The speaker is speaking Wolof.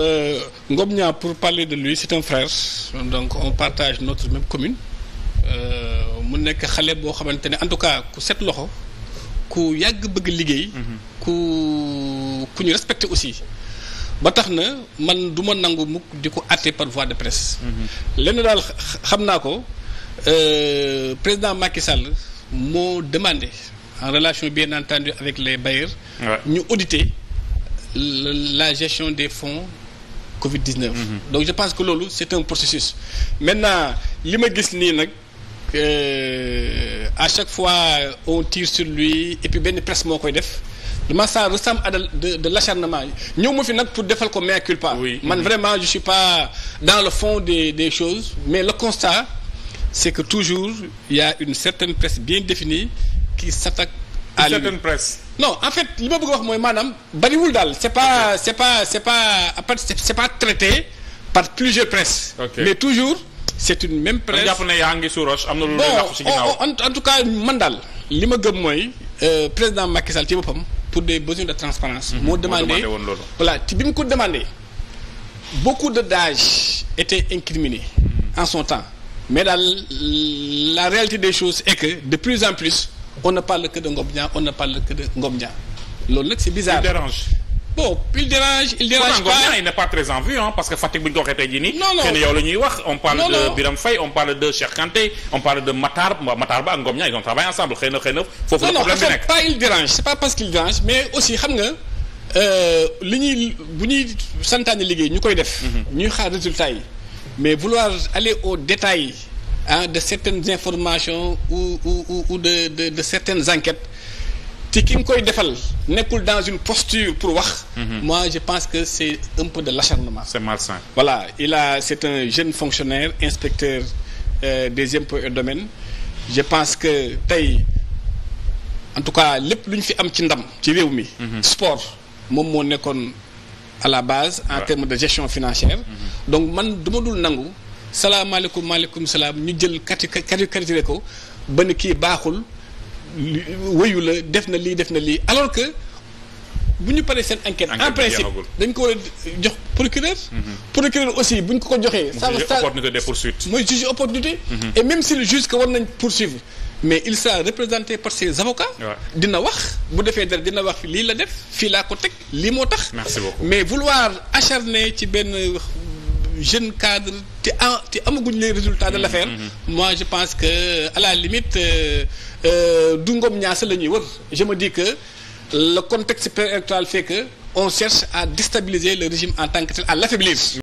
euh, Ngom Niang pour parler de lui c'est un frère donc on partage notre même commune euh, mu nekk xale boo xamante ne en tout cas ku set loxo ku yàgg bëgg liggéey. Mhm. ku ku ñu respecté aussi. ba tax na man du ma nangu mukk di ko àtte par voie de presse. Mhm. lenn daal xam naa ko euh, président Macky Sall moo demande en relation bi bien entendu avec les bailleurs. ñu ouais. la gestion des fonds. Covid 19. Mhm. donc je pense que loolu c' est un processus. maintenant li ma gis nii nag euh, à chaque fois on tire sur lui et puis benn presse moo koy def. dama ça ressemble à de de l'acharnement ñëw ma fi nag pour defal ko mea culpa man mhm. vraiment je suis pas dans le fond des des choses mais le constat c'est que toujours il y a une certaine presse bien définie qui s'attaque à certaines presses. non en fait li ma bëgg wax mooy maanaam bariwul daal c'est pas c'est pas c'est pas c'est pas traité par plusieurs presses. mais toujours c'est une même presse. kon jàpp ne am na lu lay làqu ci ginnaaw en tout cas man daal li ma gëm mooy euh, président Macky ci boppam pour des besoins de transparence mhm. moo demandé woon loolu voilà te bi mu ko demandé beaucoup de dages étaient incriminés mhm. en son temps mais daal la réalité des choses est que de plus en plus on ne parle que de Ngom Dia on ne que de Ngom Dia loolu nag c'est bizarre. il dérange. bon il dérange il dérange parce que Fatick bu ñu ko waxee tey jii nii. non non kenn wax. on parle de Biram Faye on parle de Cheikh Kanté on parle de Matar Matar Ba ak Ngom Dia ils ont travaillé ensemble xëy na foofu la problème bi nekk pas il dérange c'est pas parce qu'il dérange mais aussi xam nga. Euh, li ñuy bu ñuy santaane liggéey ñu koy def. Mhm. ñuy xaar résultat yi mais vouloir aller au détail ah de certaines informations ou ou ou de de de certaines enquêtes ci ki nga koy defal nekkul dans une posture pour wax. Mhm. moi je pense que c'est un peu de l'acharnement. c'est malsain. voilà il a c'est un jeune fonctionnaire inspecteur euh, des impôts et domaines je pense que tey en tout cas lépp lu ñu fi am ci ndam ci réew mi. Mhm. sport moom moo nekkoon à la base. en termes de gestion financière. Mhm. donc man duma dul nangu. salaamaaleykum maaleykum salaam ñu jël kati kati kati ko ba ne kii baaxul wëyu la def na lii def na lii alors que bu ñu paree seen enquête en principe dañ ko war a jox procureur mhm. procureur aussi bu ñu ko ko joxee ça opportunité de poursuite mooy juge opportunité mhm. et même si le juge que war nañ poursuivre mais il sera représenté par ses avocats dina wax bu defee dara dina wax lii la def fii laa ko teg lii moo tax mais vouloir acharner ci benn jeune cadre te en te amaguñ les résultats de mm-hmm. l'affaire moi je pense que à la limite euh, euh, du ngom ñaasa la ñuy wër je me dis que le contexte préélectoral fait que on cherche à déstabiliser le régime en tant que tel à l'affaiblir